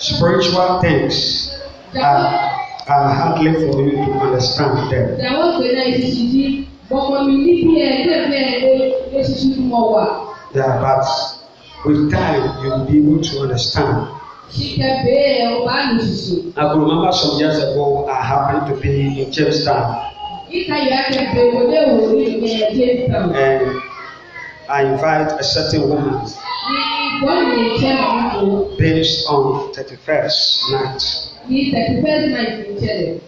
spiritual things are, are hardly for you to understand them. Yeah, but with time you will be able to understand. I could remember some years ago I happened to be in Jamestown. And I invite a certain woman. Based on 31st night.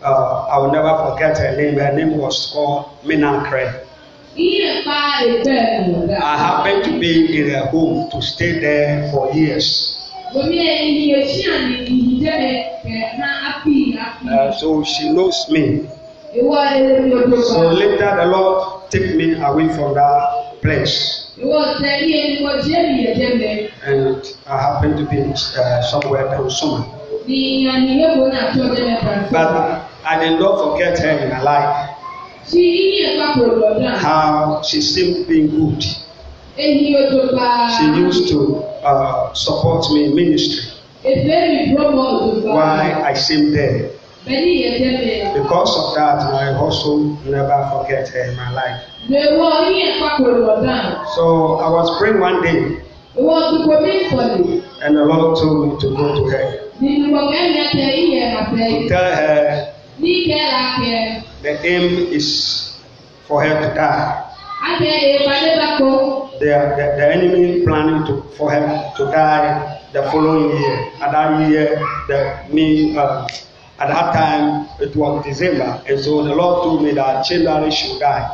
Uh, I will never forget her name. Her name was called Minakre. I happened to be in her home to stay there for years. Uh, so she knows me. So later the Lord took me away from that place. And I happened to be uh, somewhere down summer. But I did not forget her in my life. How she still being good. She used to uh, support me in ministry. Why I seem there. Because of that, I also never forget her eh, in my life. So I was praying one day. And the Lord told me to go to her. To tell her the aim is for her to die. The, the, the enemy planning to, for her to die the following year. And that year, the, me, uh, At that time, it was December, and so the Lord told me that children should die.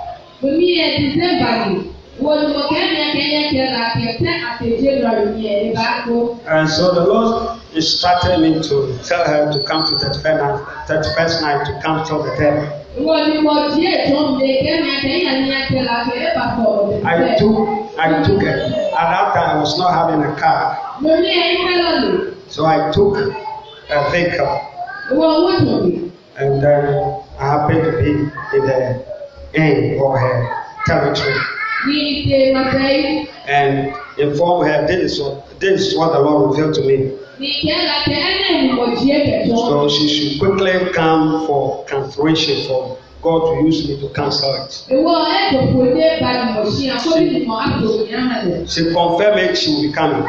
And so the Lord instructed me to tell her to come to the 31st night to come to the temple. I took, I took it. At that time, I was not having a car. So I took a vehicle. And then I happen to be in the end of her territory. And inform her this is this is what the Lord revealed to me. So she should quickly come for cancellation for God to use me to cancel it. She, she confirmed it, she will be coming.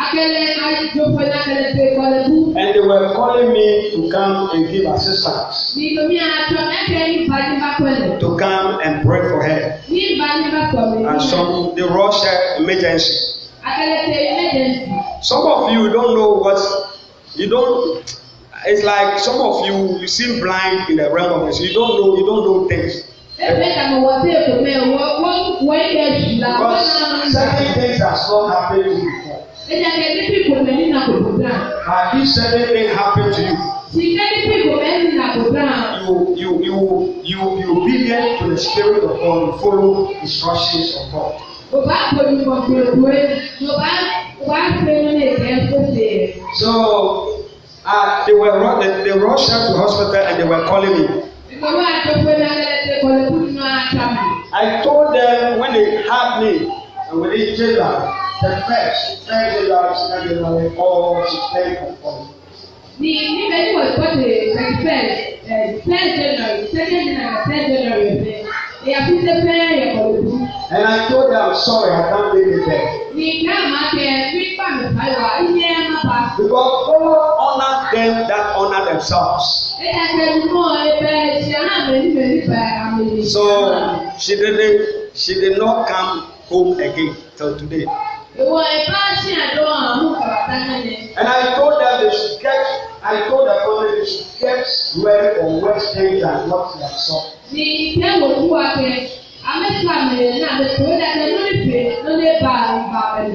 And they were calling me to come and give assistance. To come and pray for her. And some the rush her emergency. Some of you don't know what you don't it's like some of you you seem blind in the realm of this. You don't know you don't know things. Because certain things are not happening Uh, if certain thing happen to you, you, you, you, you, you obedient to the Spirit of God and follow instructions of God. So uh, they were they, they rushed her to hospital and they were calling me. I told them when they had me and when they jailed her. Confess, thank the Lord, thank the Lord, all to thank for. Ní níbẹ̀ ní wọ́n wọ́n ti confess first January, second January, third January ọ̀fẹ́. Ẹ̀yà fún ṣe fẹ́ yẹ ọ̀rọ̀ bú. And I told her I'm sorry, I can't make it there. Ní ká máa kẹ fífà mi fàyọ̀ iṣẹ́ ẹ̀ má pa. Because follow honour them that honour themselves. Ẹ kẹ́lu mọ́ ẹbẹ̀ ṣe àmì níbẹ̀ níbẹ̀ àmì. So she didn't she did not come home again till today. And I told them they should get, I told the family they should get ready for worse things than what they have suffered.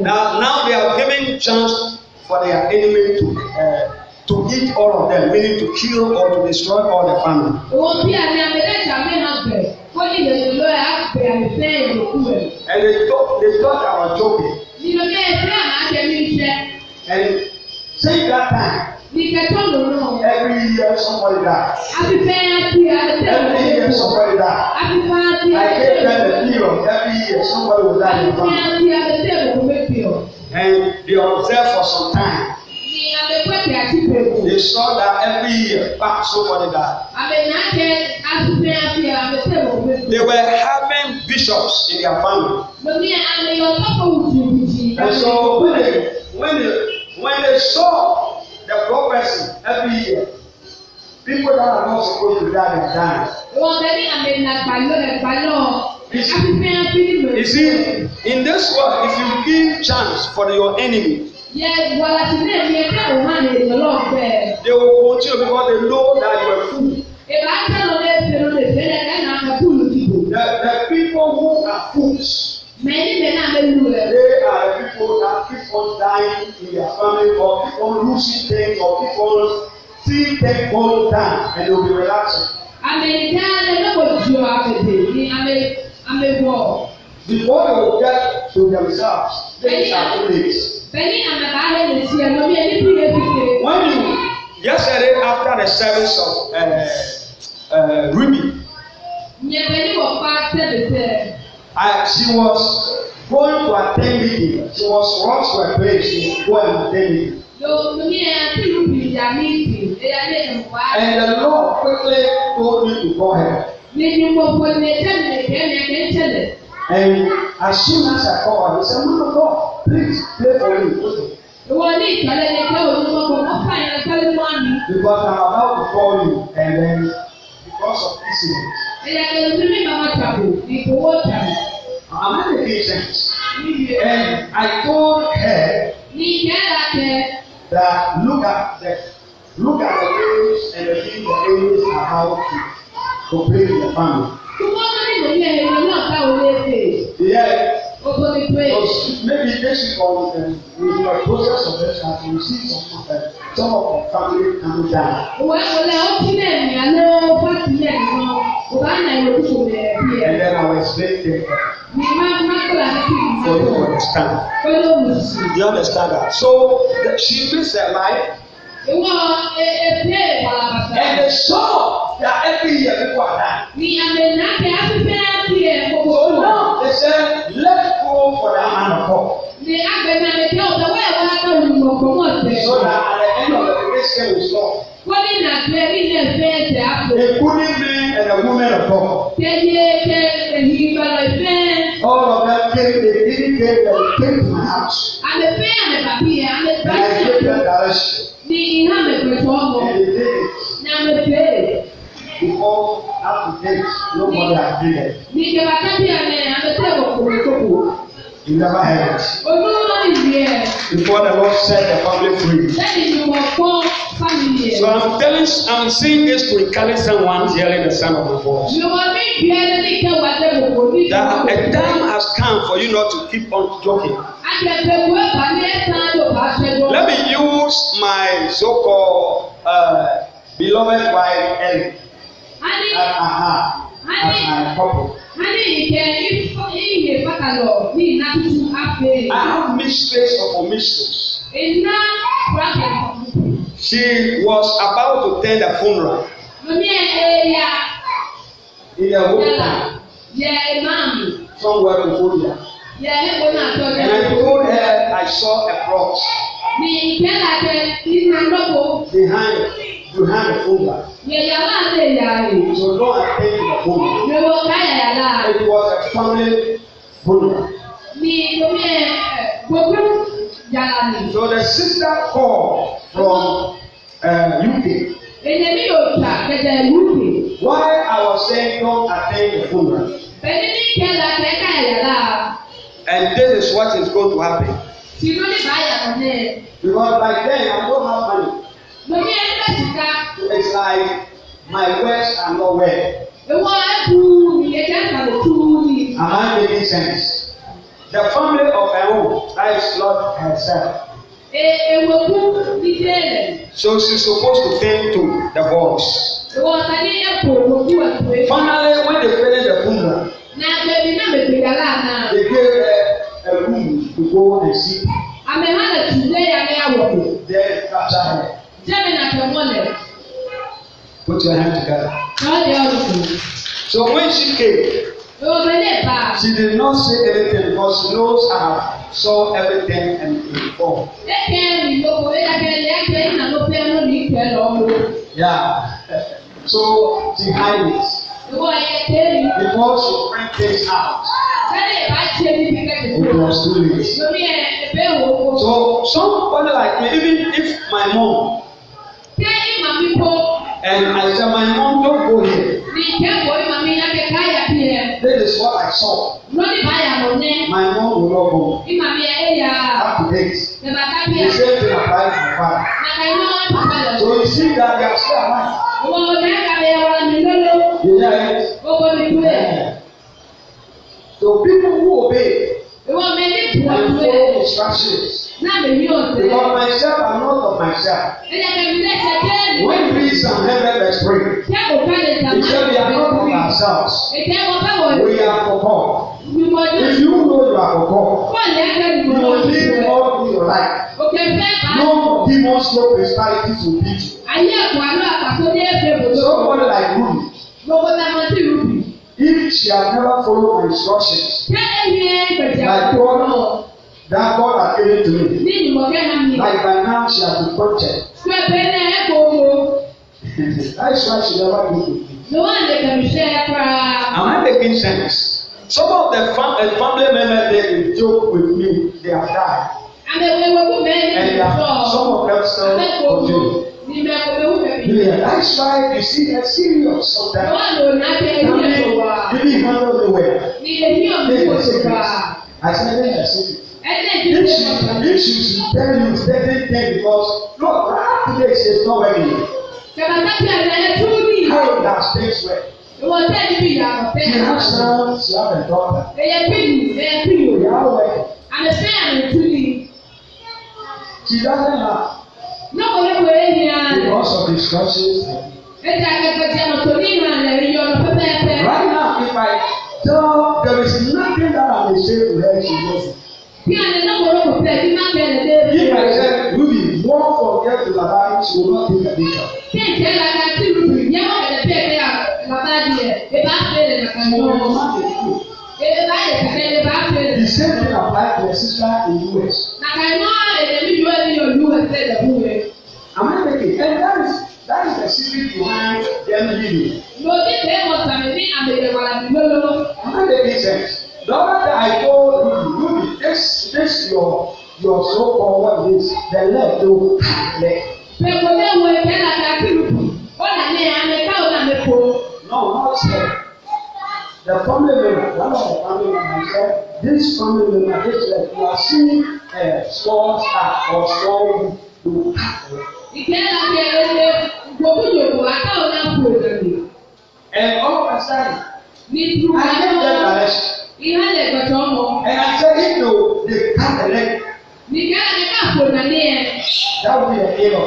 Now, now they are giving chance for their enemy to uh, to eat all of them, meaning to kill or to destroy all the family. And they thought, they thought I was joking. Every year somebody dies. Every year somebody dies. I gave them a period. Every year somebody will die in family. And they observe for some time. They saw that every year back somebody died. They were having bishops in their family. And so when they when they when they saw a prophecy every year. People that are not supposed to die they die. Wọ́n bẹ ní àmì ìnàgbàlọ́ ẹ̀gbàlọ́. You see, in this world, if you give chance for your enemy, they will continue because they know that you are a fool. The, the people who are fools, they are people that keep on dying in their family or keep on losing things or keep on seeing them going down and they will be relaxing. Amẹ̀dẹ́rẹ́ lọ́wọ́ ju àpèjì ní amẹ́wọ̀. Before they will get to themselves, they shall do it. Bẹ́ẹ̀ni àmàbà rẹ̀ lè ṣe ẹ̀rọ bí ẹni bí ẹbí ṣe. When you yesterday after the service of uh, uh, Ruby. Nyẹ̀bẹ̀ ni wọ́n pa sẹ́bẹ̀sẹ̀. She was going to attend meeting she was rushed to her She to go and attend meeting. And the Lord quickly told me to call her. And as soon as I called her, he said, Man God, please pray for me. Because I'm about to call you, and then because of this, I'm not a patient. And I told her that look at the look at the ways and the things the enemies are out to complain in the family. Yes. But maybe based on um, with the process of this that we see some of uh, some of the family come down. And then I was very difficult. For you understand. you understand that? So she lives her life. And they saw that every year before that. dying. So now they said, let's go for that man of God. So that at the end of the race, they will stop. Eku ni bi the women of God. All of them came, they didn't came, they came to my house. And they gave them direction. And they did it. Before, after this, nobody had did it. You never heard it. Olúwa ìyẹ. Before the Lord set the family free. Lẹ́yìn ni wọ́n fọ́ family yẹn. So I'm telling I'm saying this to encourage someone yelling the sound of the voice. Yorùbá mi bí ẹni ní kẹwàá dé gbogbo ní. That a time has come for you not to keep on joking. Let me use my so-called uh, beloved wife Ellen. A ní. Uh, uh, uh, as my couple. I have mistress upon mistress. She was about to attend a funeral. In the home. Somewhere before here. And I told her I saw a cross. Behind. You have hand over. Yẹ̀yàmá lè yà rè. It was not an end of home. Lọ́wọ́ káyà yàrá. It was a family funeral. Ní omi ẹ̀ gbogbo yàrá ni. So the sister called from uh, UK. Èdèmí yóò ta kẹ̀kẹ́ UK. Why I was saying don't attend the funeral. Bẹ̀ni ní kẹ́lá kẹ́kẹ́ yàrá. And this is what is going to happen. Tìlú ní báyà náà. Because by then I don't have money. Mo ní ẹni sika. It's like my words are not well. Ewu ayé tuuru ni ẹja kan lè tuuru Am I making sense? The family of my own. Ewu lies Lord herself. Eweku ni tẹ́lẹ̀. So she's supposed to tend to the boys. Ìwọ ọ̀sán ní ẹ̀kọ́ òkú ẹ̀kọ́. Finally when they finish the funeral. Na bẹ̀bí náà bẹ̀bí yàrá náà. They gave a room to go and sleep. Àmì hàn lè tún dé yàrá yà wọ̀. Then after her. German at your wallet. Put your hand together. So when she came, she did not say anything because she knows I have saw everything and informed. Yeah. So she hide it. Before she bring things out. It was too late. So somebody like me, even if my mom And I said, my mom don't go here. Ní ìkẹ́kọ̀ọ́ yìí màmí yá kẹ́kẹ́ àyà bí rẹ̀. This is what I saw. Lórí báyà mo ní. My mom will not go. Bí màmí yá ẹ to date. Bẹ̀bà kábíyà. The same thing my father. So you see that they are still alive. You hear So people who obey. Ìwọ mi ní ìtura ìwé. follow instructions. Because myself are not of myself. When we psalm heaven verse free. Ṣé kò fẹ́ we are not of ourselves. We are for God. If you know you are for God. Fọ́ọ̀lù You will live all through your life. No demons no principalities to beat you. Ayé ẹ̀kọ́ àlọ́ àpàtó ní ẹ̀fẹ̀ bòdò. Somebody like Ruby. Gbogbo ta ma ti Ruby. If she had never followed instructions. Ṣé ẹ̀yẹ gbẹ̀jẹ̀? Like God. That God has given to me. Like by now she has been tortured. Pẹ̀pẹ́ náà That is why she never gave it to me. Am I making sense? Some of the fam family members dey joke with me, they have died. Àbẹ̀wò ìwọ̀kú bẹ́ẹ̀ ni ìfọ̀. Some of them still continue. Yeah, that's why you see that serious sometimes. That is over. You handle the way. I said, I said it. If she, if she tell you certain things because look, how today she is not ready. How does things work? She has son, she has a daughter. They are working. She doesn't have. Because of the discussions. Right now, if I tell, there is nothing that I will say to her, she knows it. Bí àná náà wọ́n rọ̀ pẹ̀ bí má bẹ̀rẹ̀ dé. Bí àná yẹ Ruby wọ́n fọ̀ yẹ ti làbá ṣe wọ́n ti lè dé kà. Bí ìjẹ́ làkà tí Ruby yẹ wọ́n bẹ̀rẹ̀ bẹ́ẹ̀ bẹ́ẹ̀ làbá di yẹ, èbá bẹ̀rẹ̀ làkà ní wọ́n. Èbá yẹ kàkẹ́ èbá bẹ̀rẹ̀. The same thing apply to your sister in US. Nàkà náà èdèmí yóò ní your US ẹ̀ dàbú rẹ̀. Am I making and that is that is the secret behind them living. Lòdì tẹ́ mọ̀ sàmì ní àmì ìrẹ̀wàlà the left to le. Pẹ̀lú ẹ̀wọ̀ ẹ̀fẹ́ náà ká kírùkù, ó nà ní àmì káwọn náà mi kú. No, not so. The family member, one of the family members said, this family member, this left, you are seeing a small star or small blue. Ìgbẹ́ náà ti ẹ̀rọ ṣe gbogbo àtàwọn náà kú òdòdó. Ẹ̀ ọ́ kàṣà yìí. Ní ìlú àwọn ọmọ ìhálẹ̀ ìgbàjọ́ ọmọ. And I tell you, they can't elect Nìyẹn ni ká kò nà ní ẹ. Dábò yẹ kí lọ.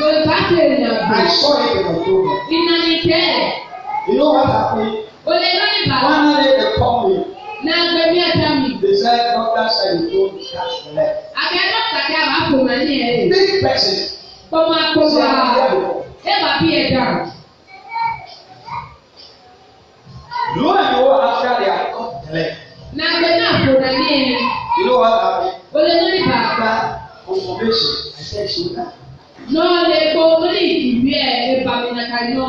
Yorùbá ti rìn àgbà. Àìsàn yẹ kí lọ tó lọ. Ìnàní tẹ́ ẹ̀. Ìlú wa ta pé. Olè ló Wọ́n á lè kọ́ mi. N'agbe bí ẹja a bá kò nà ní ẹ. Bíi pẹ̀sì. Kọ́mọ akóso a. Ẹ náà ní ẹ. You know what happened? Olórí bàbá. Confirmation. I said she would have. Náà lè gbọ́ lórí ìwé ẹ̀ ẹ̀bà mi nàkà yọ.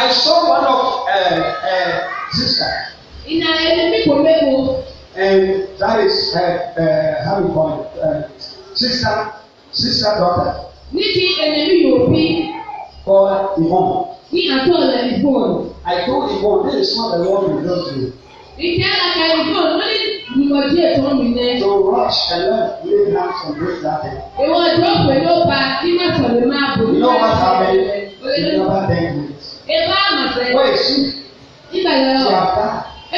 I saw one of uh, uh, sister. Ìnà ẹni mi kò mẹ́wò. And that is uh, uh, how we call it. Uh, sister, sister daughter. Ní ti ẹ̀nẹ̀mí Yorùbí. Called Yvonne. Ní àtọ̀lẹ̀ Yvonne. I told Yvonne, this is not the one you don't do. Ìjẹ́ àkàyè Yvonne, lórí Ìmọ̀díè tó ń rìn ní. So rush and let lay hands on break that thing. Ìwọ ìjọ pẹ̀lú ọba kí má sọ̀rọ̀ máa bò. You know what happened? You never beg me. Ìbá àmọ̀tẹ́. Wọ́n èsì. Ìgbà yẹn lọ. Ṣàbá.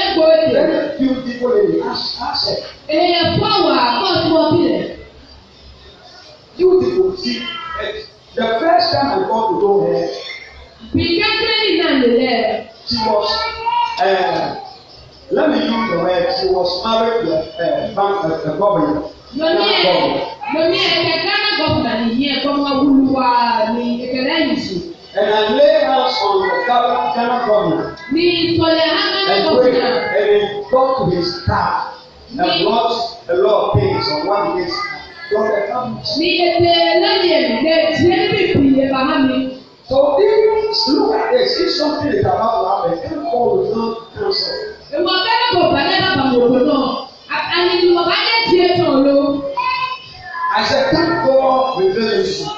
Ẹ̀kọ́ èdè. Very few people in the asset. Èèyàn fún àwọn àkọ́sí wọn bìrẹ̀. You people see, the first time I got to go here. Bí was married to a eh, bank eh, governor. Lomi ẹ̀kẹ́ eh, Ghana governor nìyí ẹ̀kọ́ wọn wúlú wa ní ẹ̀kẹ́ lẹ́yìn sí. And I lay hands on the Ghana, Ghana governor. Mi ìtọ́lẹ̀ Ghana governor. And he talked to his staff and brought a lot of things on one day. Mi ètè lẹ́yìn ẹ̀dẹ̀ tí ẹ bìbì ẹ̀ bàbá mi. So if you look at this, if something is about to happen, every call will not cancel. I said, thank God revealed it to me.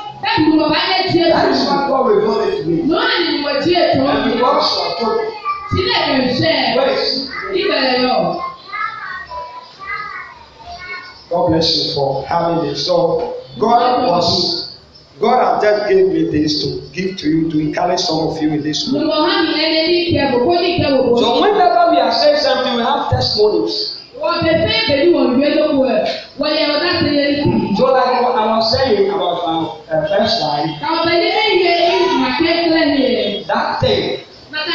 That is why God revealed it to me. And because I told you. Where is it? God bless you for having it. So God was God has just gave me this to give to you to encourage some of you in this room. So whenever we are saying something, we have testimonies. So like what I was saying about my uh, first line, that thing, that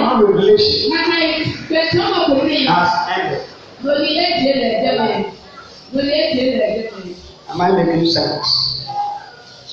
one revelation has ended. Am I making sense?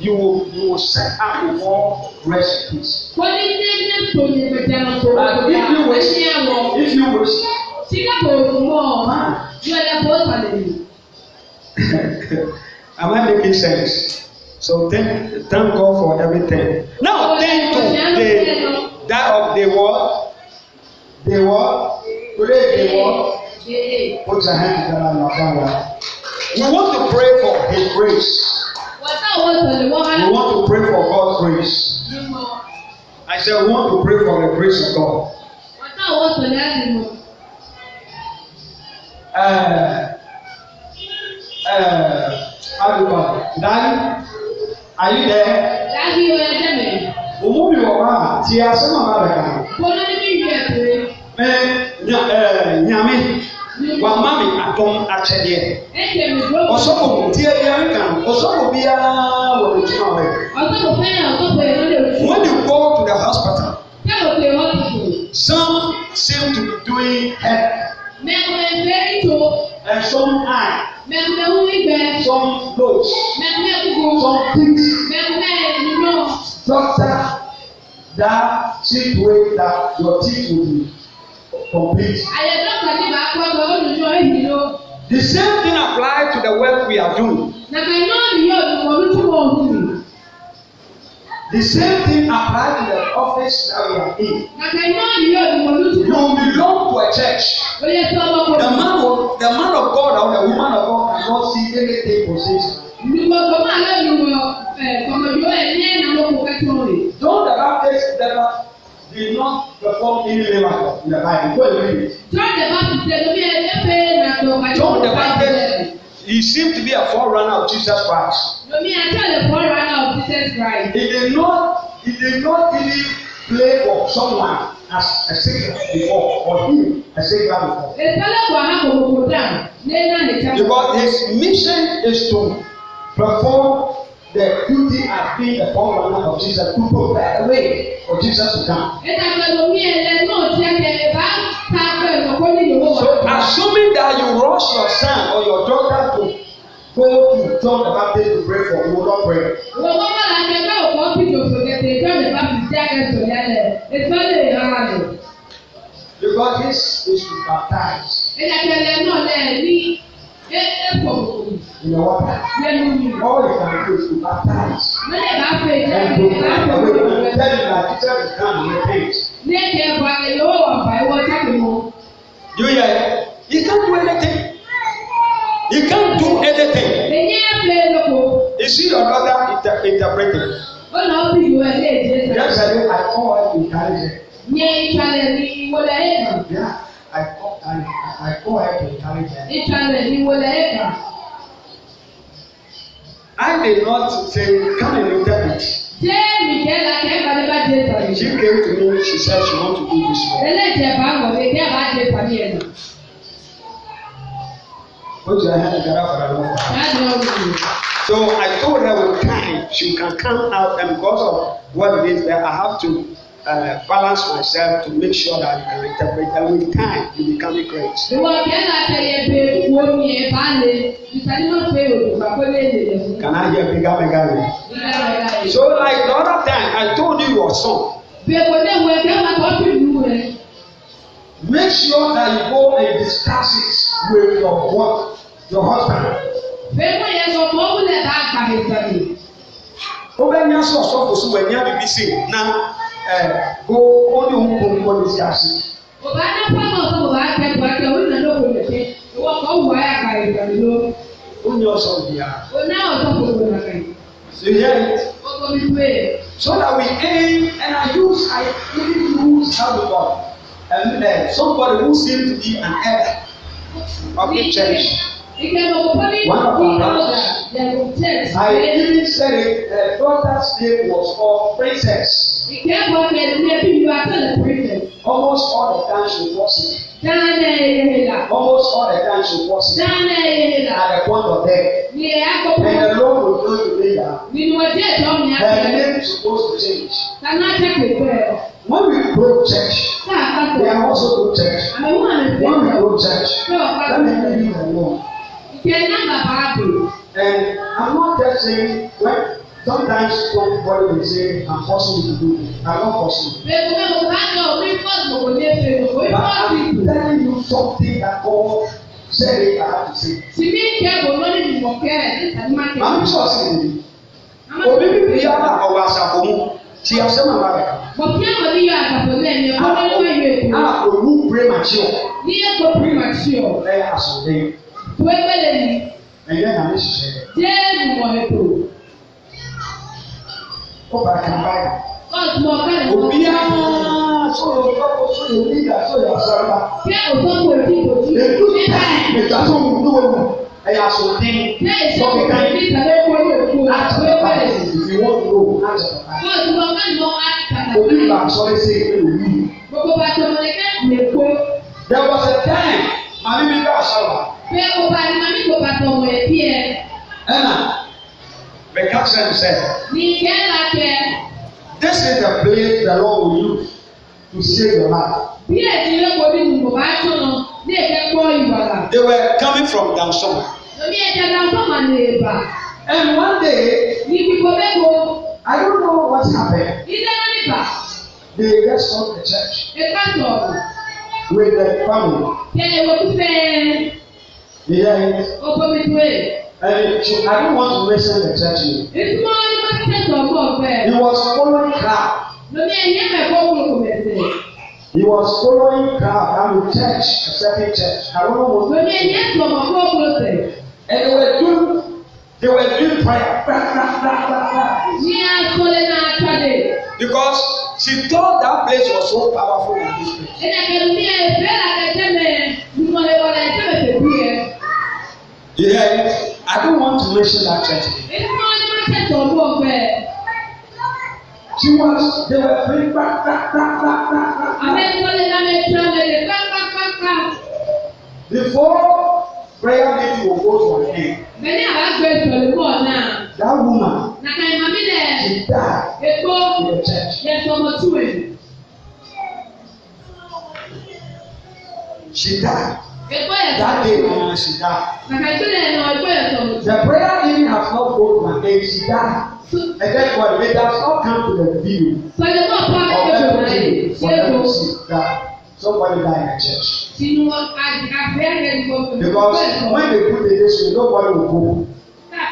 you will you will set up more recipes. wọ́n ní ní ní tòun ìgbẹ́jà náà tó wà lórí àwọn ẹ̀ṣẹ̀ wọn. if you wish. singapore ò mọ̀ ọ́ ha yóò yẹ kó sàlẹ̀ yìí. am I making sense? So thank, thank God for everything. Now oh, thank to the that of the world, the world, today the world. Put your hand together and your We want to pray for His grace. We want to pray for God's grace. I said, we want to pray for the grace of God. Uh, uh, Aduba, Daddy, are you there? Daddy, you are there. Òmùmí ọ̀pá ti asọ́nà bàbá kan. Bọ́lá ní bí ìgbà pé. Ẹ ẹ nyàmé wama me adom akyɛdeɛ ɔsɔfo tie yɛ nka ɔsɔfo biara wɔ ne dwuma hɔ when you go to the hospital some seem to be doing help and some eye some nose some teeth doctor that cheap way that your teeth will be The same thing applies to the work we are doing. The same thing applies to the office that we are in. You belong to a church. The man of, the man of God or the woman of God cannot see anything possessed. Don't the Baptist, the did not perform any miracle in the Bible. Go and read it. John the Baptist said, "Omi ẹlẹ́fẹ̀ na lọ." John the Baptist he seemed to be a forerunner of Jesus Christ. Lomi Ajá the forerunner of Jesus Christ. He did not he did not even play for someone as a singer before or him a singer before. The àhàkùn kò dáa ní ẹ̀ná Because his mission is to perform the duty has been the forerunner of Jesus to prepare the way for Jesus to come. So, assuming that you rush your son or your daughter to go to John the Baptist to pray for, you will not pray. Because this is to baptize in your water. Always can pray to baptize. And to pray away from the dead in our teachers' hand in the You hear? You can't do anything. You can't do anything. You see your daughter inter interpreting. Yesterday I called encouragement. Yeah, I called I, I called her to encourage her. I did not say, come and interpret. She came to me, she said she want to do this one. Put your hand together for a long time. So I told her with time, she can come out, and because of what it is that I have to uh, balance myself to make sure that I can interpret and with time you become great. Can I hear bigger bigger? So like the other time I told you your song. Make sure that you go and discuss it with your wife, your husband. Ó bẹ́ẹ̀ ní kò sí wẹ̀ ní àbíbí sí náà. Eh, ẹ kó ó ní òun kò ní lè ṣe àṣe. bàbá náà fọmọ fún bàbá tẹ bàbá tẹ òun nàlọ kò lè ṣe ìwọ kọ wù ayé àkàrà ìgbàlú ló. ó ní ọsàn ìyá. ó náà ọsàn kò lè rà ṣe yẹ. ọkọ mi pé. so that we aim and i use i really use how God and then eh, somebody who seem to be an elder of the church. You can openly the other than protect. I even said it, her daughter's name was called Princess. Almost all the time she was it. Almost all the time she was it. At the point of death. And the Lord will do to me that. Her name is supposed to change. When we grow church, we are also good church. When we grow church, let me give you the one. Your number Bible. And I'm not just saying when sometimes people will say I'm forcing you to do it. I'm not forcing you. But I'm telling you something that God said it, I have to say. Tìmí ìkẹ́bù lórí ìmọ̀kẹ́ ẹ̀ ní Sàdúmákẹ́. Màmí sọ̀sì ni. Òbí bíbí yá náà ọ̀wọ̀ àṣàfò mu ti ọ̀sẹ̀ màmá rẹ̀. Bọ̀kí àwọn oníyọ̀ àṣàfò náà ni ọ̀pọ̀ lọ́wọ́ ìwé ìkú. A òwú pray mature. Ní ẹ̀kọ́ pray mature. Ẹ àṣọ tuwekele ni. ɛyɛ na mi hyehyɛ. jẹ́ẹ̀mù wọ̀ ètò. ó bá a kan báyìí. ọ̀tùmọ̀ kan ìwọ. òbí yá sọ̀rọ̀ ọ̀pọ̀ sọ̀rọ̀ òbí yà sọ̀rọ̀ àsọ̀rọ̀. kí ọ̀tọ̀ kò tí kò tí. ètò ìta ètò àsọ̀rọ̀ òbí wọ̀ mọ̀ ẹ̀yà sọ̀rọ̀ dín. kí ẹ̀ṣẹ̀ kò tí kò tí kò tí kò tí kò tí There was a time, my name is Ashara fɛ ɔba ni maame ko bàtɔ wɔ ebiɛ. ɛna bɛ kapsɛn sɛ. ni kɛ la kɛ. this is the place the lord will use to save your life. bí ẹ̀sìn ló kọ́ bí nùgbò bá tó nù ní ẹ̀jẹ̀ gbọ́ ìwàlà. they were coming from dansoma. omi ẹ̀jẹ̀ dansoma ni èèbà. and one day. ní kíkọ́ bẹ́ẹ̀ I don't know what happened. Ilé náà nígbà. They rest on the church. Ẹ ká sọ̀rọ̀. With the family. Bẹ́ẹ̀ ni wọ́n ti fẹ́. You hear And she, I don't want to mention the church name. It's more than a sense of God there. He was following crowd. No, me, I never go to the He was following crowd. and in church, a certain church. I don't know what. No, me, I never go to the And they were doing, they were doing prayer. Blah, blah, blah, blah, Because she thought that place was so powerful in this place. Yeah, I don't want to mention that church. She was, they were praying back, back, back, back, back, back. Before prayer meeting will go to an end. That woman, she died in the church. She died. That day, uh, she died. The prayer even has not gone and she died. And therefore, may that all come to the view. Whatever she died, somebody died in church. Because when they put the issue, nobody will go.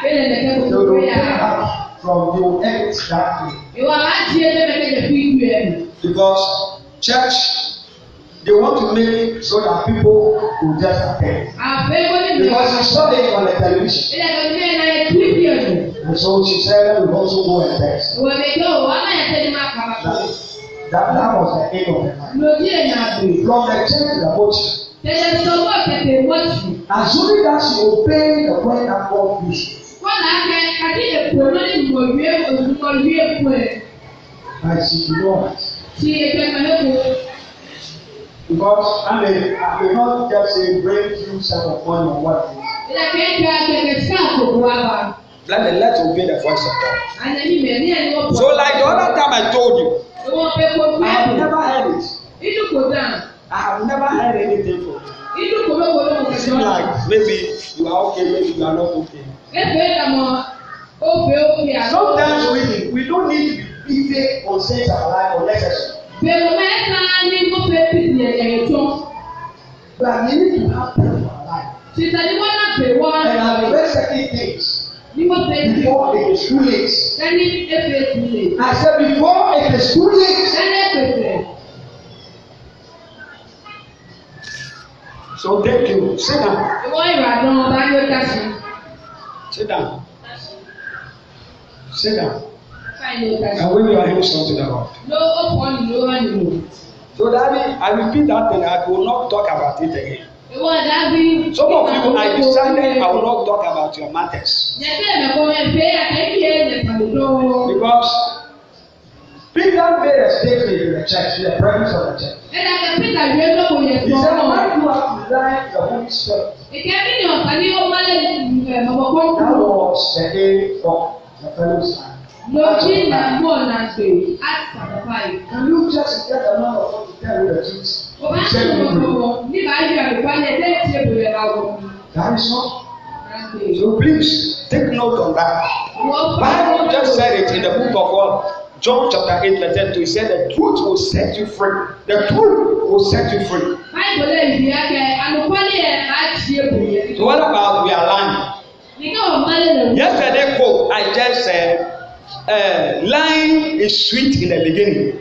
They will pick up from your end that day. Because church. They want to make it so that people will just attend. Ah, Because she saw it on the television. And so she said, we also go and test. That, that, that was the end of the night. From the church, the boat. As soon as she obeyed the word that God used. But she did not. Because I mean, I cannot just say bring you some of one on one. Let the let obey the voice of God. So like the other time I told you, I have never heard it. I have never heard anything from you. It seems like maybe you are okay, maybe you are not okay. Sometimes we, we don't need to be busy on things our life unnecessary. Bẹ̀rù mẹ́ta ni mo fẹ́ fi di ẹ̀yẹ̀ ìjọ. Gbàgbé ní ìlú àpẹẹrẹ wàhálà. Ṣètàlí wọn náà bẹ̀rù wọn. And I will wear certain things. Ní wọ́n fẹ́ di. Before it is too I said before it is too late. Ẹni efe So thank you. Sit down. Ìwọ ìrànlọ́wọ́ bá yóò dá sí. Sit down. Sit down. And when you are hearing something about it. No, no So that means I repeat that thing, I will not talk about it again. Some of you, I decided I will not talk about your matters. Because Peter made a statement in the church, in the presence of the church. He said, Why do to rely the Holy Spirit? That was the aim of the fellow Yochina Mbonazo Ask chapter five. Can you just get a man of God to tell you the truth? Ọba ti wọ lọ́wọ́ nígbà yìí àlùfáà ní ẹgbẹ́ tí èbò yẹn bá wọ. That is all. So please take note on that. Bible just said it in the book of God, John chapter eight, verse two. He said, the truth will set you free. The truth will set you free. So what about we are lying? Yesterday quote I just said uh, is sweet in the beginning.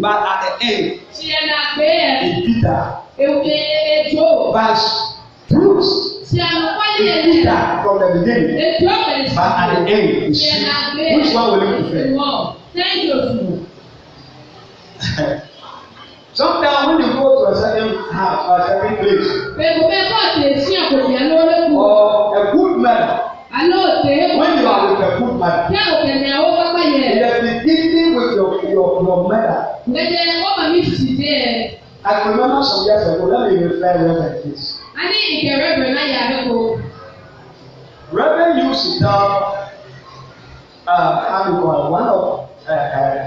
But at the end, it's bitter. Verse fruits. It's bitter from the beginning. But at the end, it's sweet. Which one will you prefer? Sometimes when you go to a certain house or a certain place, or money. Táwọn kẹ̀lẹ́ àwọn pápá yẹn. In the beginning with your your your mother. Gbẹ̀dẹ̀ ọmọ mi sì dé ẹ̀. I remember some years ago let me refer well like this. A ní ìkẹ́ Reverend Ayé Adéko. Reverend you sit down uh, and one of uh, uh,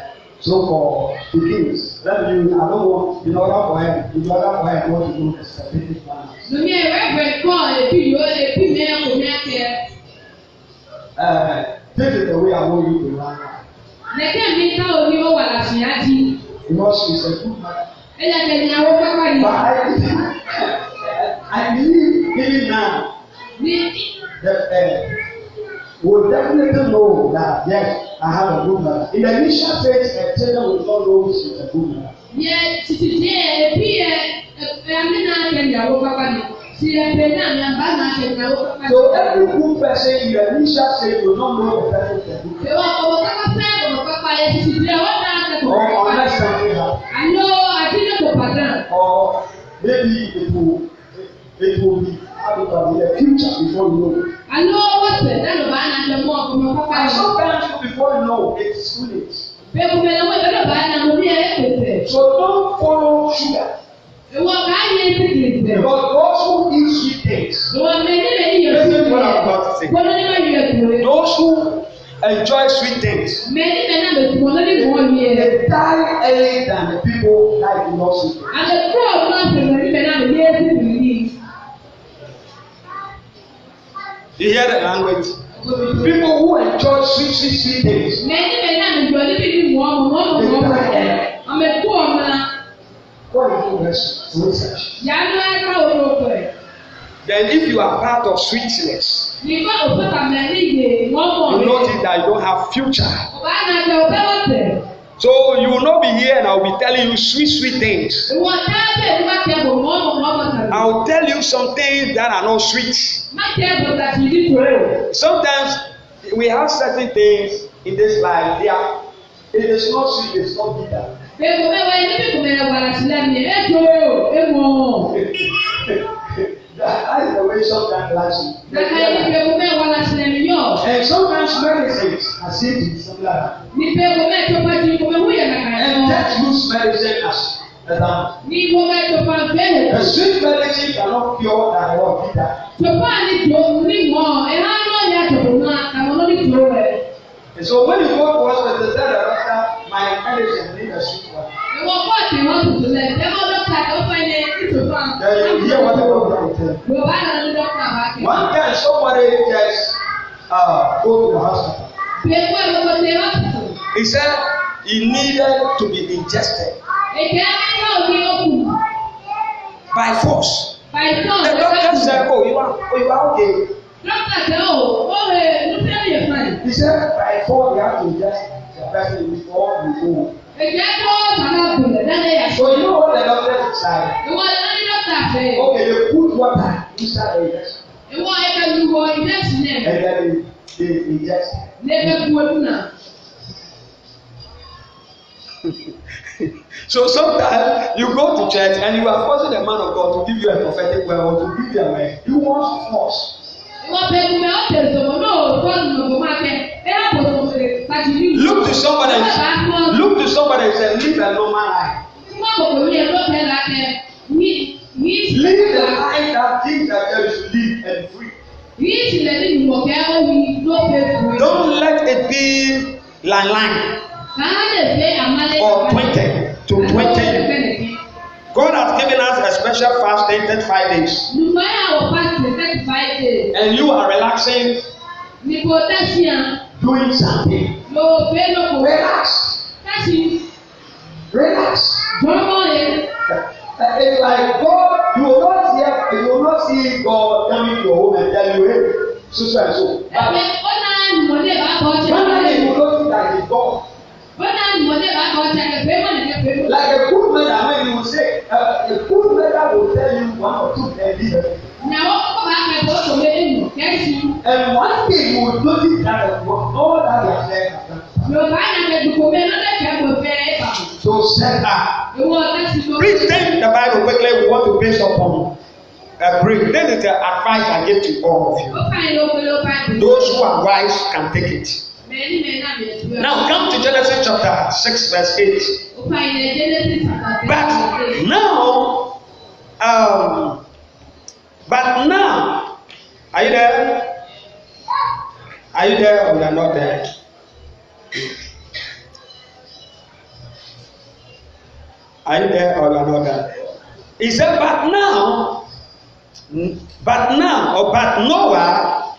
so called begins let me I don't know in order for him in order for him what to do The specific plan. Lumi Reverend Paul ebi yoo ebi mẹ́rin mẹ́rin. This is the way I want you to run now. Nẹ̀kẹ́ mi ká omi ó wà láṣìá jí. Because she is a good man. Ẹ̀yà kẹ̀lé àwọn pápá yìí. But I believe I believe even now. Ní. The uh, eh, will definitely know that yes I have a good man. In the initial phase a children will not know she is a good man. Yẹ títí díẹ̀ ẹbí ẹ ẹ ẹ mi náà kẹ̀ ìyàwó pápá yìí. So every good person you initially say you don't know the person. Or unless something happens. Or maybe it will it will be out of the future before you know. I And sometimes before you know it's too late. So don't follow sugar. But those who eat sweet things. Listen to what I'm about to say. Those who enjoy sweet things. They die early than the people that do not sweet things. You hear the language? People who enjoy sweet, sweet, sweet things. a poor man. E. Then if you are part of sweetness, you notice that you don't have future. So you will not be here and I will be telling you sweet, sweet things. I will tell you some things that are not sweet. Sometimes we have certain things in this life, There, are, it is not sweet, it's not bitter ekumẹwa yi ne bi kumẹra wala sila mi ẹ tó ewọ. That is the way some can last. Nàkà yìí pé kumẹ wala sila mi yọ. And sometimes medicines are seen to be similar. Ní pé kumẹ tó bá di kumẹ wú yẹ nàkà yọ. And that use medicine as example. Ní kumẹ tó bá bẹ́ẹ̀. The sweet medicine cannot cure that one bitter. Tòpá ni tó ní mọ̀ ẹ̀ hàn náà yà tó mọ̀ àwọn ọ̀nà ní tó rẹ̀. And so when you work towards the third and after my marriage and leadership work. Ìwọ kóòtù ìwọ tuntun lẹ, ẹgbẹ́ dọ́kítà One time somebody just uh, go to the hospital. He said he needed to be ingested. By force. By force. The doctor said, oh you are oh, you are okay. Oh, oh, eh, he said by force you have to ingest that is before you Ẹ̀jẹ̀ kọ́ bàbá gbòòrò lálẹ́ yà. So you know what the doctor is saying. Ìwọ ni ní dọ́kítà fẹ́. Okay, you put water inside the injection. Ìwọ ẹ̀ka ju wọ injection náà. And then the the injection. Lẹ́gbẹ̀ẹ́ kú ojú náà. so sometimes you go to church and you are forcing a man of God to give you a prophetic word or to give you a word. You want force. Ìwọ the normal life. Live the life that thinks that you should live and free. Don't let it be line line or pointed to pointed. God has given us a special fast 35 days. And you are relaxing doing something. Relax. Relax. Drama it. It's like God, you will not hear, you will not see God coming to your home and tell you, hey, so and so. Drama it, you will not see that it's God. Like a good mother, when you will say, uh, a good mother will tell you one or two things. And one thing you will notice that all that you have learned. Yorùbá nàgbẹ̀ dùkùnmí lọ́dẹ̀kẹ̀ kò fẹ́ ẹ̀ bá. So set up. Ìwọ ọ̀dẹ́ ti lọ. Please take the Bible quickly we want to base upon a break. This the advice I give to all of you. Those who are wise can take it. Now come to Genesis chapter 6, verse 8. But now, um, but now, are you there? Are you there or you are not there? Are you there or not there? He said, but now, but now, or but Noah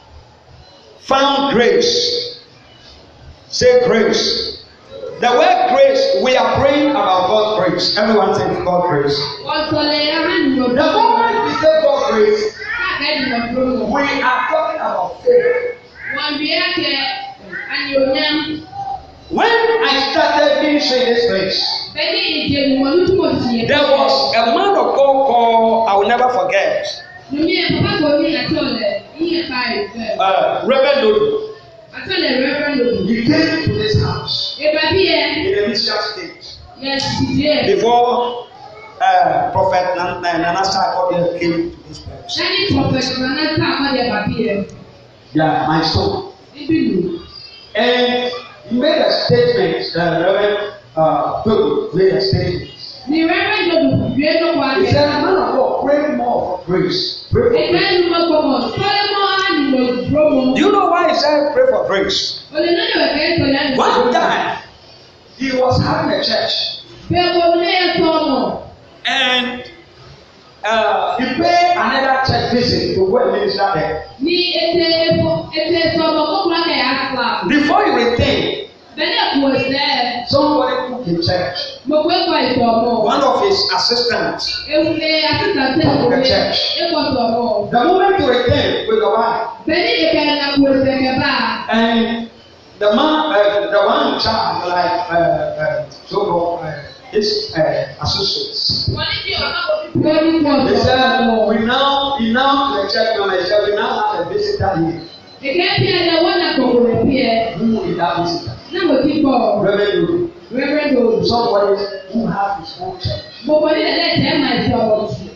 found grace. Say grace. The word grace, we are praying about God's grace. Everyone say God grace. The moment we say God grace, we are talking about faith. When I started ministering this place, there was a man of God called, I will never forget. Uh, Reverend Odu. He came to this house in the Michigan state yes, before uh, Prophet Nan uh, Nana Sarkodie came to this place. Yeah, my son. And He made a statement that Reverend uh, made a statement. The Reverend Dodo made a statement. He said, Man of God, pray more for grace. Pray for grace. Do you know why he said pray for grace? One time, he was having a church. And Uh, he pay another church visit to go and minister there. Ní ètè ètè sọ̀rọ̀ kókòrò náà yà sá. Before you return. Bẹ́ẹ̀ kò sẹ́. Somebody cook in church. Mo gbé kọ ìtọ̀ mọ̀. One of his assistants. Ewúre assistant ẹ̀ the Ẹ̀kọ́ tọ̀ mọ̀. The moment he return with your wife. Bẹ́ẹ̀ni ìbẹ̀rẹ̀ náà kò sẹ̀ kẹ̀bá. And the man uh, the one child like uh, uh, so called. Uh, associates. Very well. They said, we now, we now, the church manager, we now have a visitor here. Who is that visitor? Reverend Odu. Reverend Odu. Somebody who has his own church. Bọ̀bọ̀lì lẹ́lẹ́ tẹ́ máa ṣe ọ̀rọ̀ sí.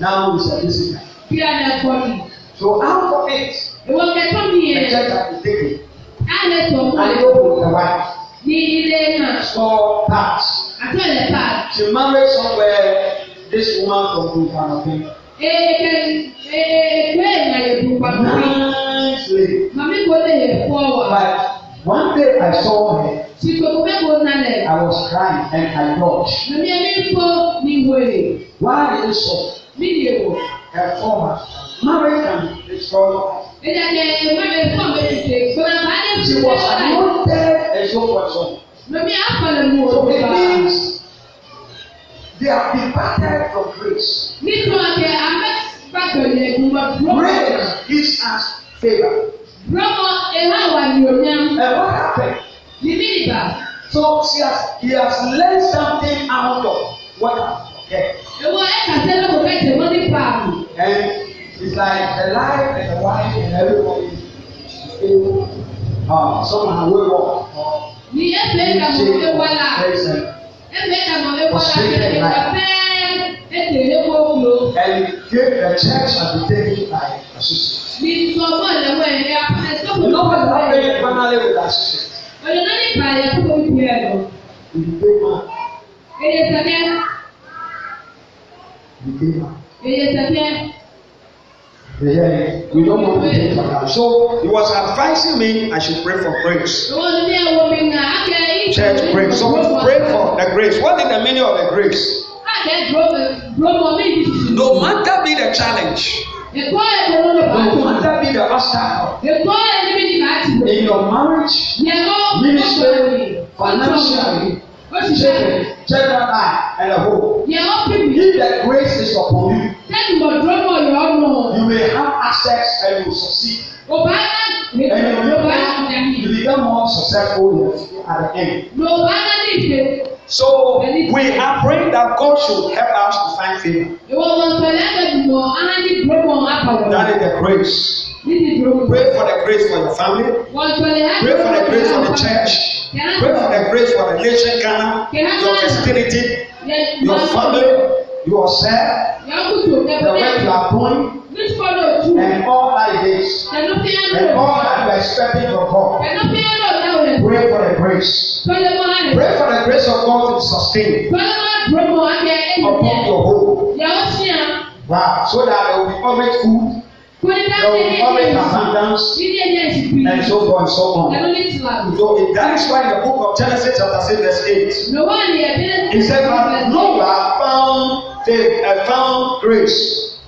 Now is a visitor. Kí á lẹ kọ́ ni? So how of it. Ìwọ kẹtọ́ mi yẹn. The church has been taken. Á lẹ sọ̀rọ̀. Ayé òkú ẹ̀wá. Ní ilé náà. Sọ that. After the She married somewhere this woman from Nice lady. Bukwanabe. Nicely. But one day I saw her. I was crying and I thought. Why is it so? Her former marriage and destroy life. She was anointed and so forth. Lomi akọlẹ mu o. So it means they are departed from grace. Nítorí ọ̀dẹ̀ amẹ́sìgbàgbọ̀ yẹn ìgbìmọ̀ bùrọ̀. Grace gives us favour. Bùrọ̀mọ̀ ẹ̀rọ àwà ìròyìn. And what happened? Yìí nìgbà. So she has, he has learned something out of what happened. Okay. Ewo ẹ̀ka sẹ́lẹ̀ kò fẹ́ tẹ̀wọ́ ní paàlù. And it's like the life and the wife and everybody is still um, uh, somehow we ni efirika mo ewala efirika mo ewala efirika pẹ́ẹ́ etere mo wúlò. and the church had been taken by associates. ni sọgbọn lẹwọ ẹ ya ẹsẹ wo ló wà lọ. ọbẹ yẹn panale with associates. ọ̀dọ̀ náà ní ìgbà yẹn kó o ju ẹ lọ. ìdílé máa. èyí sẹ́kẹ́. ìdílé máa. èyí sẹ́kẹ́. We don't want to pray for that. So he was advising me I should pray for grace. Church grace. Someone pray for the grace. What is the meaning of the grace? No matter be the challenge. No matter be the obstacle. In your marriage, ministry, financially, children, eye and the whole. If that grace is upon you you may have access and you succeed. Ọba náà lè fi ọba náà You become more successful at the end. Lọ́ba náà lè fi. So we are praying that God should help us to find favor. That is the grace. Pray for the grace for your family. Pray for the grace for the church. Pray for the grace for the nation Ghana, your Christianity, your family yourself, the way you are doing, and all that it is, and all that you are expecting from God. Pray for the grace. Pray for the grace of God to sustain upon your hope. Wow, so that there will be always food. There will be always abundance and so forth and so on. So if that is why in the book of Genesis chapter 6 verse 8 it says that Noah found faith, I found grace.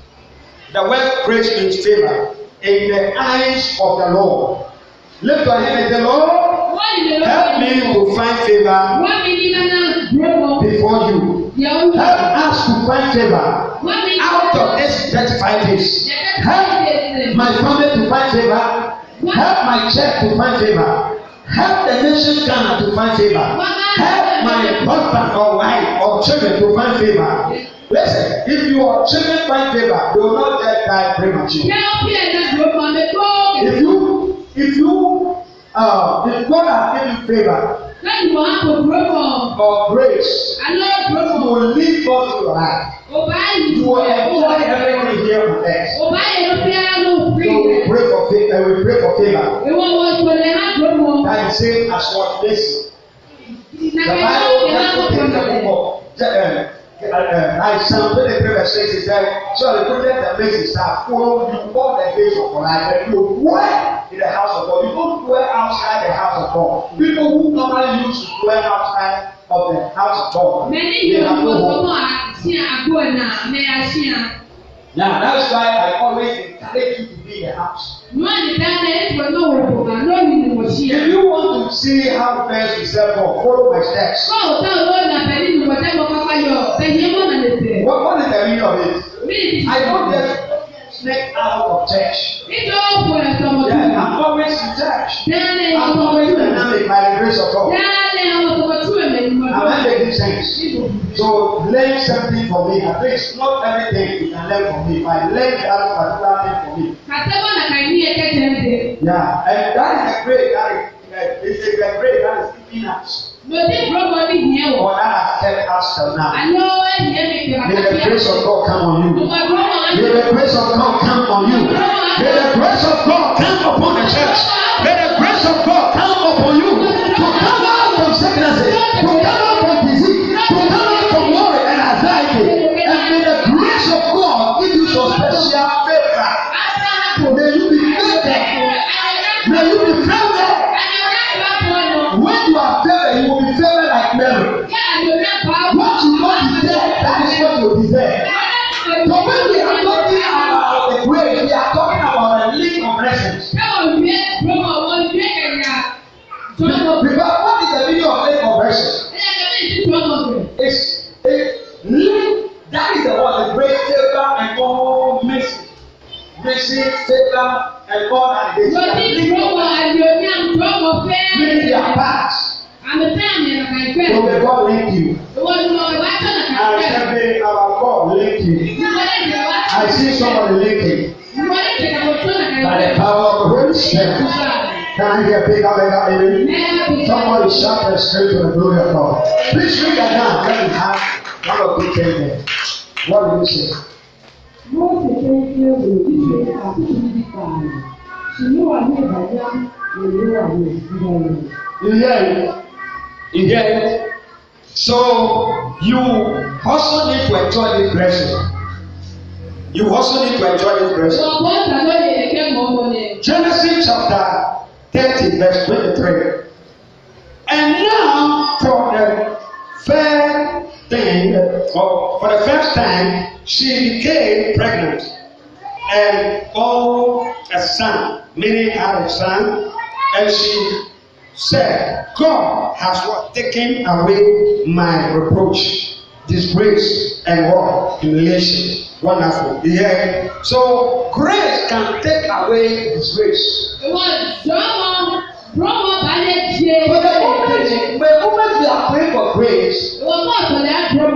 The word grace means favor in the eyes of the Lord. Lift your hand and say, Lord, help me to find favor before you. Help us to find favor out of this 35 days. Help my family to find favor. Help my church to find favor. Help the nation Ghana to find favor. Help my husband or wife or children to find favor. Listen, if you are changing by favor, you will not get die premature. If you, if you, uh, if God has given you favor, or grace, you will live God to life. You will enjoy everything here on earth. So we pray for favor, and uh, we pray for favor. That is same as what this. The Bible tells us to take the book of àìsàn tó lè gbé ẹsẹ̀ ti dẹ́ sọ́ọ̀lì tó dẹ́ the places that follow you all the days of your life and you dwell in the house of God you don't wear outside the house of God people who normally use to wear outside of the house of God. many yorùbá tó mọ̀ àti àgbo náà mẹ́ra ṣí à. Now that's why I always encourage you to be in the house. If you want to see how things you set for, follow my steps. What, what is the meaning of it? I don't just snake out of church. Yes, I'm always in church. I'm always dynamic by the grace of God. I'm making sense. So learn something for me. At least not everything you can learn from me, but learn that particular thing for me. Yeah, and that is great. That is It's a bread that is eating us. Lòdì búrọ́mọ bí yẹn wọ̀. Wọ́n dára help us till now. Àná ẹ̀yẹ́ mi kì í wá. May the grace of God come on you. May the grace eh, of God come on you. May the grace of God come upon the church. Eh, May the grace of God come. Satan and God and they were doing their part. So may God lead you. And may our God lead you. I see someone leading by the power of the Holy Spirit. Can I hear a big hallelujah? Someone is sharp and straight to the glory of God. Please read that down. Let me have one of the ten men. What do you say? Mose kente were dike akụkụ ndị kpaara, Shinoa na Ịbanya were were Israel. You hear it? You get it? So you also need to enjoy the blessing. You also need to enjoy the blessing. Genesis chapter thirty verse twenty-three. And now from the fair the for, the first time she became pregnant and bore a son, meaning had a son, and she said, God has what taken away my reproach, disgrace, and what humiliation. Wonderful. Yeah. So grace can take away disgrace. It was drama, drama, and The moment we are praying for grace, we are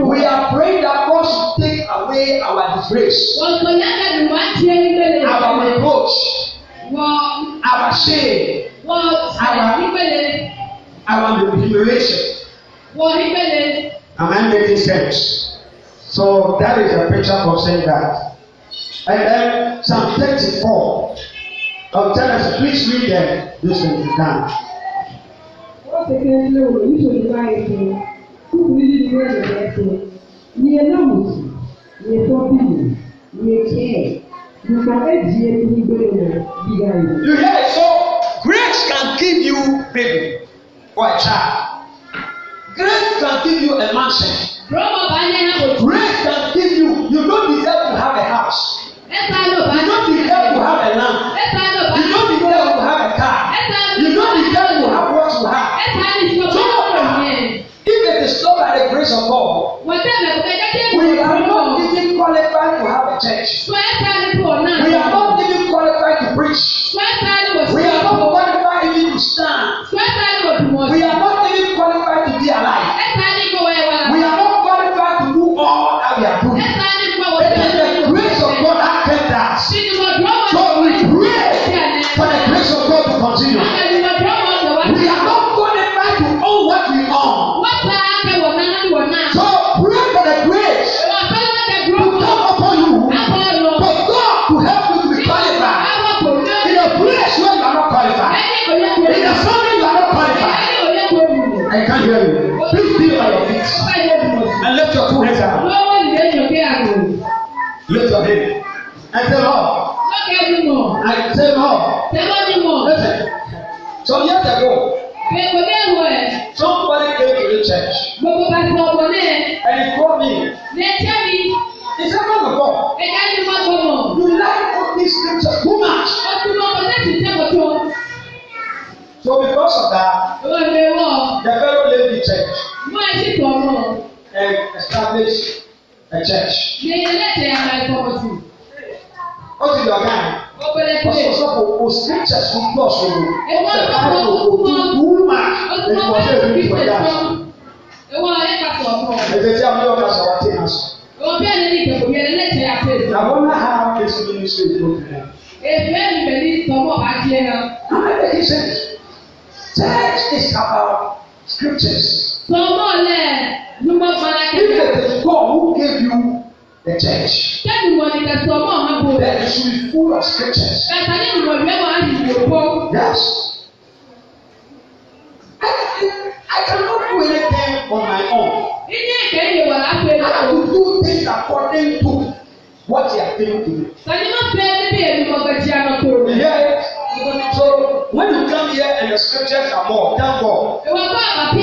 praying that God should take away our disgrace, our reproach, our shame, our, our humiliation. Am I making sense? So that is a picture of saying that. And then Psalm 34. Now tell us, please read them. This will be done second level ní sòdìbá ẹ̀sìn kúkú ní nínú ẹ̀sìn ẹ̀sìn ní ẹlẹ́wùsì ní tọ́pìlì ní chair nípa ẹ̀jì ẹni ní gbẹ̀rẹ̀ rẹ̀ gíga yìí. you hear so grace can give you baby or a child grace can give you a mansion. rọ́bà bá ní ẹ̀rọ. grace can give you you don't deserve to have a house. ẹ̀ka ló bá ní. by the grace of God, we are not even qualified to have a church. and lift your two hands up. Lift your head and tell her. I tell her. Listen. Some years ago, somebody came to the church and he called me. tell me. He said, I Man of God, you like all these scriptures too much. So because of that, the fellow left the church fellowship ọ̀rọ̀. and establish a church. yẹ̀yẹ̀ lẹ́tẹ̀ ara ẹ̀ fọwọ́ sí. ó ti lọ gáà. ó pẹlẹ pé. ọsọ sọpọ o scriptures fún pọ sọ̀rọ̀. ẹ̀wọ̀n àpapọ̀ òkú wúmà ẹ̀wọ̀n fẹ́ẹ̀ fi pẹ̀lú àwọn. ẹ̀wọ̀n ẹ̀ ká sọ̀ ọ̀rọ̀. ẹ̀jẹ̀ tí a mú ọ̀gá sọ̀rọ̀ àti àṣọ. ẹ̀wọ̀n bí ẹni ní ìjọba yẹn lẹ́tẹ̀ àti èso. àwọn náà ha èso ní ìṣe ìjọba. èso ẹ̀ ń bẹ̀rẹ̀ tọmọ àjẹ́ náà. Church is about scriptures. Sọmọlẹ Jumọ Fara Kẹsẹ. If it is God who gave you the church. Kẹ́mi wọ ni kẹsì ọmọ ọ̀hán bò. Then it should be full of scriptures. Kàtà ní ìwọ̀ ìwé wa yìí yóò Yes. I, cannot do anything on my own. Ilé ìkẹ́ yìí wà lápẹ̀ I will do things according to what you are telling me. Sọ̀dí máa fẹ́ ẹni bí èmi mọ̀ àná tó. Yes. So when you come here and your scriptures are more, thank God. That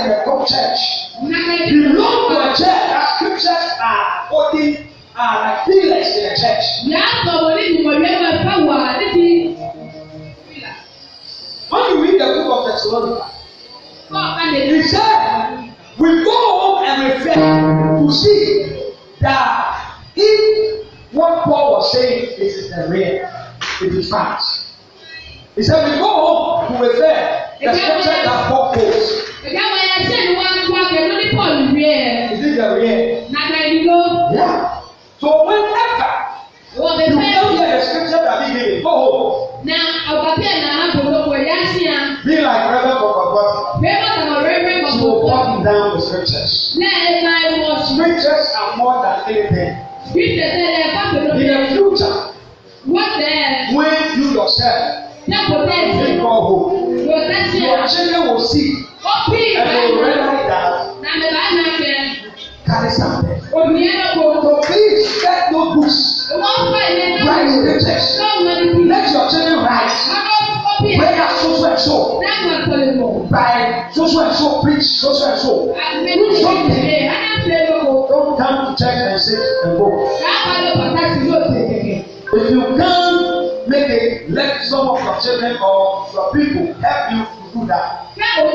is a good church. Belong to the church that scriptures are holding are like pillars in a church. When you read the book of Thessalonica, he said, We go home and reflect to see that if What Paul was saying is the real, it is facts. He said, We go home, we were there. The scripture that Paul quotes. Is it the real? Yeah. So whenever well, you don't hear the scripture that he give, go home. Now, Be like Reverend Bogota. So, walk down the scriptures. Scriptures are more than anything. In the future, what when you yourself take God home, your children will see and they will realize that carry something. So please get no books, write scriptures, let your children write. Prayer so so and so. By so so and so, preach so so and so. Do something check and say and go. If you can't make it, let some of your children or your people help you to do that. Help you.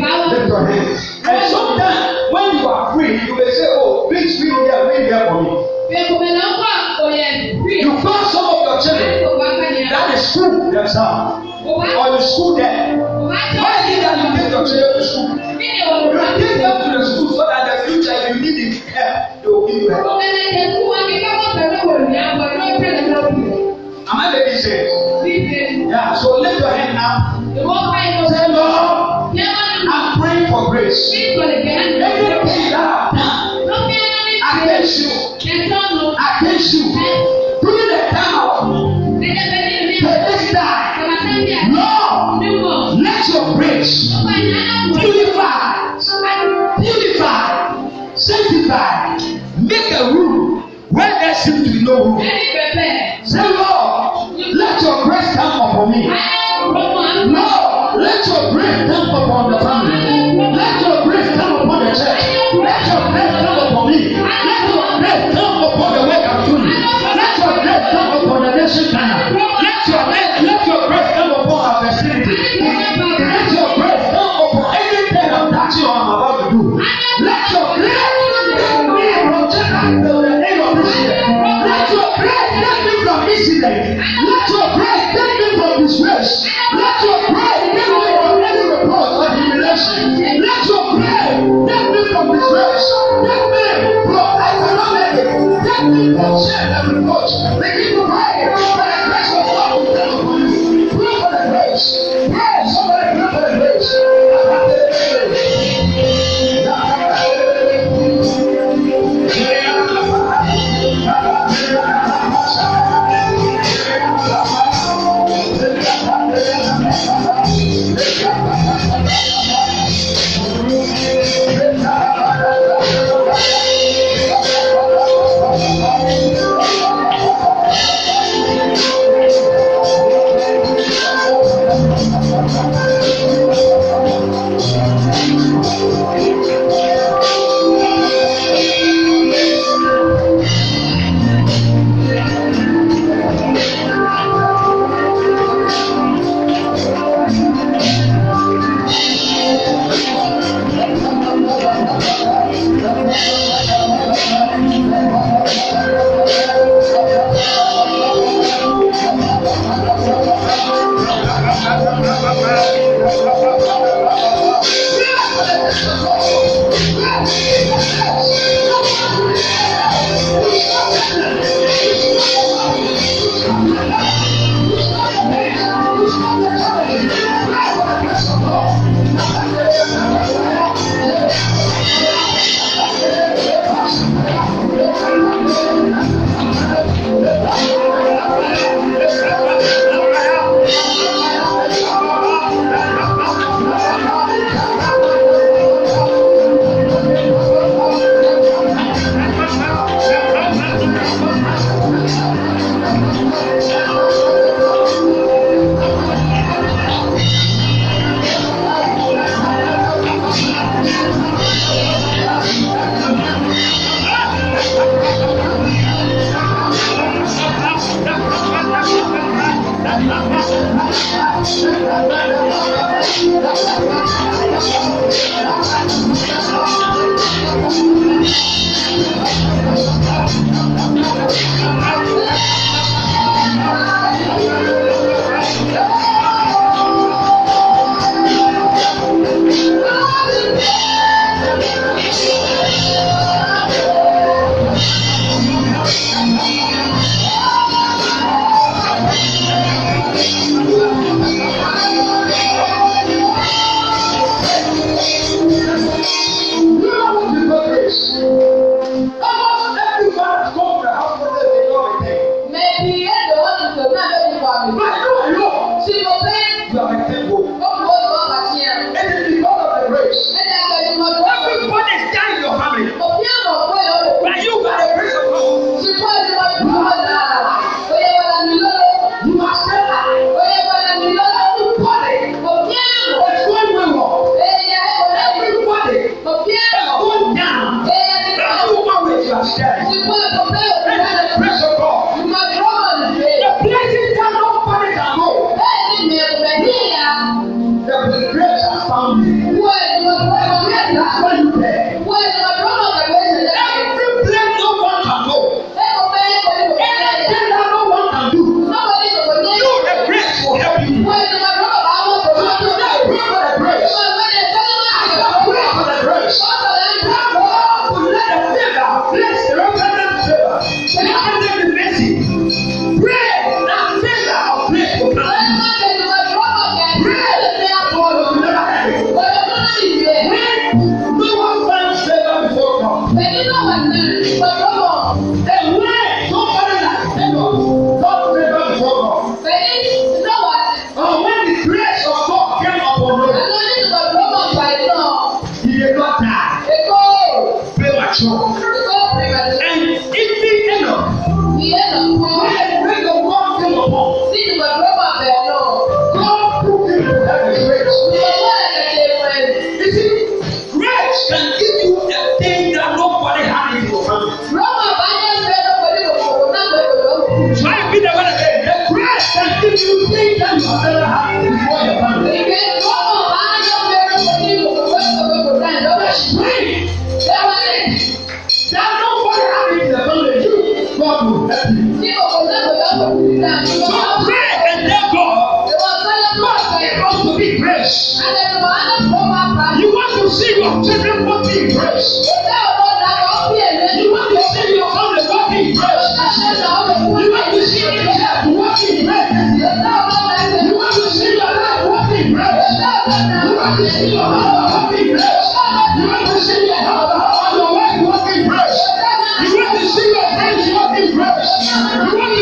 Lift your hands. And sometimes when you are free, you may say, Oh, please bring there, bring here for me. You find some of your children that is school themselves, or you school them. Why is it that you take your children to school? You take them to the school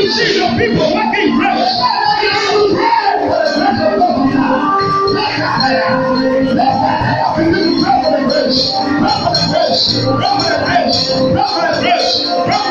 you see your people working grace, pray for the grace of Let Let pray the grace. Pray the grace. Pray Pray the grace.